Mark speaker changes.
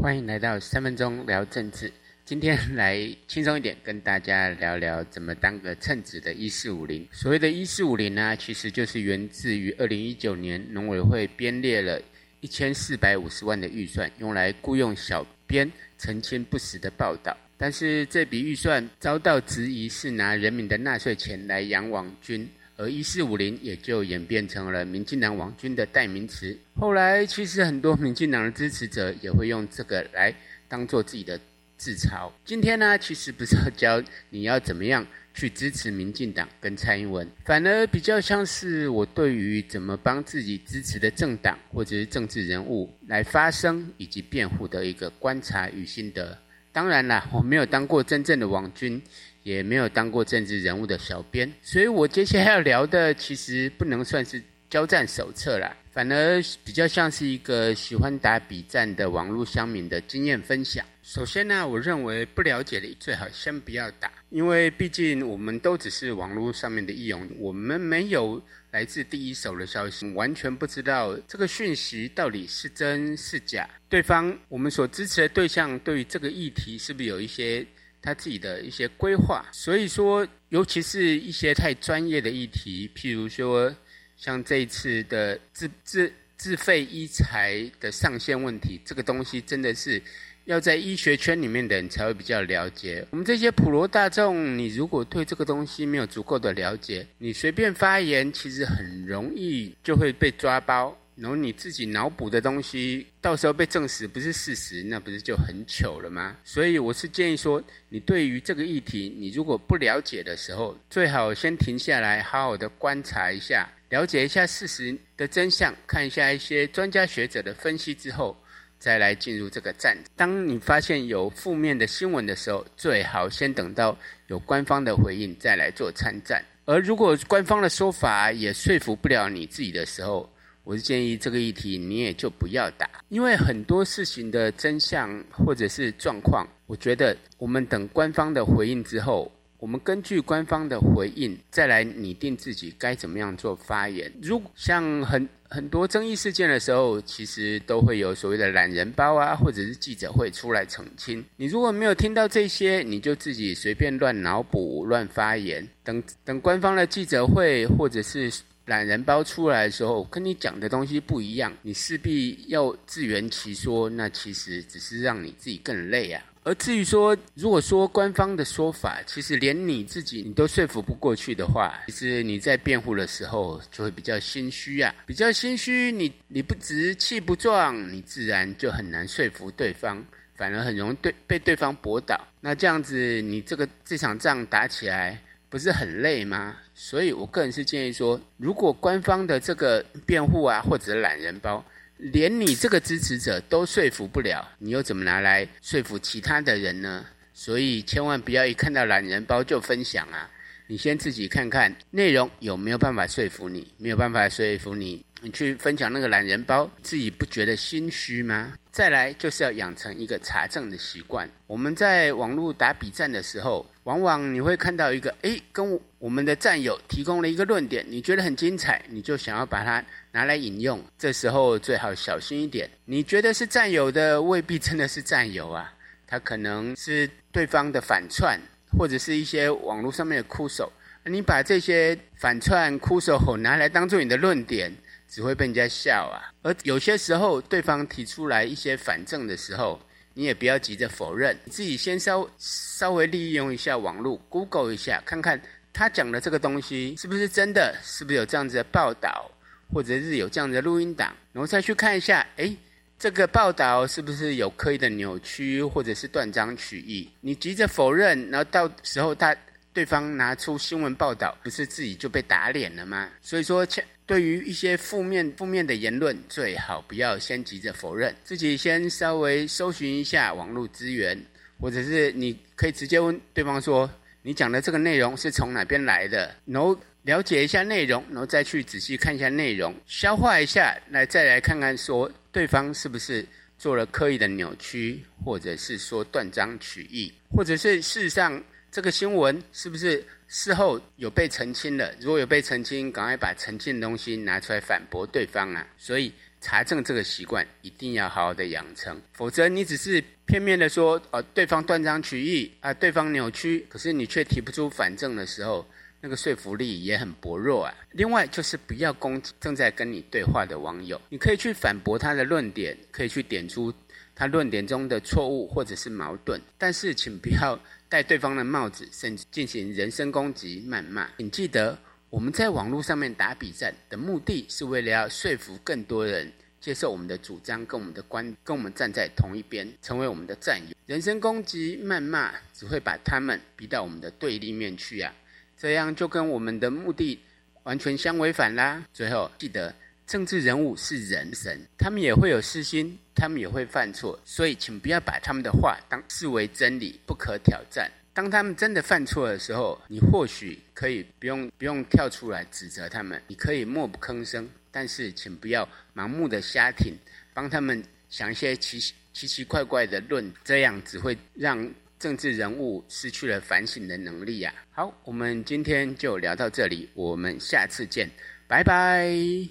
Speaker 1: 歡迎來到三分鐘聊政治。今天來輕鬆一點，跟大家聊聊怎麼當個稱職的“一四五零”。所謂的“一四五零”呢，其實就是源自於二零一九年農委會編列了一千四百五十萬的預算，用來僱用小編澄清不實的報道。但是這筆預算遭到質疑，是拿人民的納稅錢來養網軍。而一四五零也就演變成了民進黨網軍的代名詞。後來其實很多民進黨的支持者也會用這個來當作自己的自嘲。今天呢，其實不是教你要怎麼樣去支持民進黨跟蔡英文，反而比較像是我對於怎麼幫自己支持的政黨或者是政治人物來發聲以及辯護的一個觀察與心得。當然啦，我沒有當過真正的網軍，也沒有當過政治人物的小編，所以我接下來要聊的，其實不能算是教戰手冊啦，反而比較像是一個喜歡打筆戰的網絡鄉民的經驗分享。首先呢，我認為不了解的最好先不要打。因為畢竟我們都只是網絡上面的義勇，我們沒有來自第一手的消息，完全不知道這個訊息到底是真是假。對方，我們所支持的對象，對於這個議題是不是有一些他自己的一些規劃？所以說，尤其是一些太專業的議題，譬如說像這一次的自自自費醫材的上限問題，這個東西真的是。要在醫學圈裡面的人才會比較了解。我們這些普羅大眾，你如果對這個東西沒有足夠的了解，你隨便發言，其實很容易就會被抓包。然後你自己腦補的東西，到時候被證實不是事實，那不是就很糗了嗎？所以我是建議說，你對於這個議題，你如果不了解的時候，最好先停下來，好好的觀察一下，了解一下事實的真相，看一下一些專家學者的分析之後。再來進入這個戰，當你發現有負面的新聞的時候，最好先等到有官方的回應再來做參戰。而如果官方的說法也說服不了你自己的時候，我是建議這個議題你也就不要打，因為很多事情的真相，或者是狀況，我覺得我們等官方的回應之後。我們根據官方的回應，再來擬定自己該怎麼樣做發言。如果像很很多爭議事件的時候，其實都會有所謂的懶人包啊，或者是記者會出來澄清。你如果沒有聽到這些，你就自己隨便亂腦補、亂發言。等等，官方的記者會或者是懶人包出來的時候，跟你講的東西不一樣，你勢必要自圓其說，那其實只是讓你自己更累啊。而至於說，如果說官方的說法，其實連你自己你都說服不過去的話，其實你在辯護的時候就會比較心虛啊，比較心虛，你你不直氣不壯，你自然就很難說服對方，反而很容易對被對方駁倒。那這樣子，你這個這場仗打起來不是很累嗎？所以我個人是建議說，如果官方的這個辯護啊，或者懶人包。連你這個支持者都說服不了，你又怎麼拿來說服其他的人呢？所以千萬不要一看到懶人包就分享啊，你先自己看看內容有沒有辦法說服你，沒有辦法說服你。你去分享那個懶人包，自己不覺得心虛嗎？再來就是要養成一個查證的習慣。我們在網絡打筆戰的時候，往往你會看到一個，誒，跟我們的戰友提供了一個論點，你覺得很精彩，你就想要把它拿來引用。這時候最好小心一點。你覺得是戰友的，未必真的是戰友啊，他可能是對方的反串，或者是一些網絡上面的枯手。你把這些反串枯手拿來當做你的論點。只會被人家笑啊，而有些時候對方提出來一些反證的時候，你也不要急着否認，你自己先稍稍微利用一下網絡，Google 一下，看看他講的這個東西是不是真的，是不是有這樣子的報道，或者是有這樣子的錄音檔，然後再去看一下，誒，這個報道是不是有刻意的扭曲，或者是斷章取義？你急着否認，然後到時候他。對方拿出新聞報道，不是自己就被打臉了嗎？所以說，對於一些負面負面的言論，最好不要先急着否認，自己先稍微搜尋一下網絡資源，或者是你可以直接問對方說：“你講的這個內容是從哪邊來的？”然後了解一下內容，然後再去仔細看一下內容，消化一下，來再來看看說對方是不是做了刻意的扭曲，或者是說斷章取義，或者是事實上。這個新聞是不是事後有被澄清了？如果有被澄清，趕快把澄清的東西拿出來反駁對方啊！所以查證這個習慣一定要好好的養成，否則你只是片面的說，呃、啊，對方斷章取義啊，對方扭曲，可是你卻提不出反證的時候，那個說服力也很薄弱啊。另外就是不要攻擊正在跟你對話的網友，你可以去反駁他的論點，可以去點出。他論點中的錯誤或者是矛盾，但是請不要戴對方的帽子，甚至進行人身攻擊、謾罵。請記得，我們在網絡上面打筆戰的目的是為了要說服更多人接受我們的主張，跟我們的觀，跟我們站在同一邊，成為我們的戰友。人身攻擊、謾罵只會把他們逼到我們的對立面去啊，這樣就跟我們的目的完全相違反啦。最後，記得。政治人物是人不是神，他們也會有私心，他們也會犯錯，所以請不要把他們的話當視為真理，不可挑戰。當他們真的犯錯的時候，你或許可以不用不用跳出來指責他們，你可以默不吭聲，但是請不要盲目的瞎挺，幫他們想一些奇奇奇怪怪的論，這樣只會讓政治人物失去了反省的能力呀。好，我們今天就聊到這裡，我們下次見，拜拜。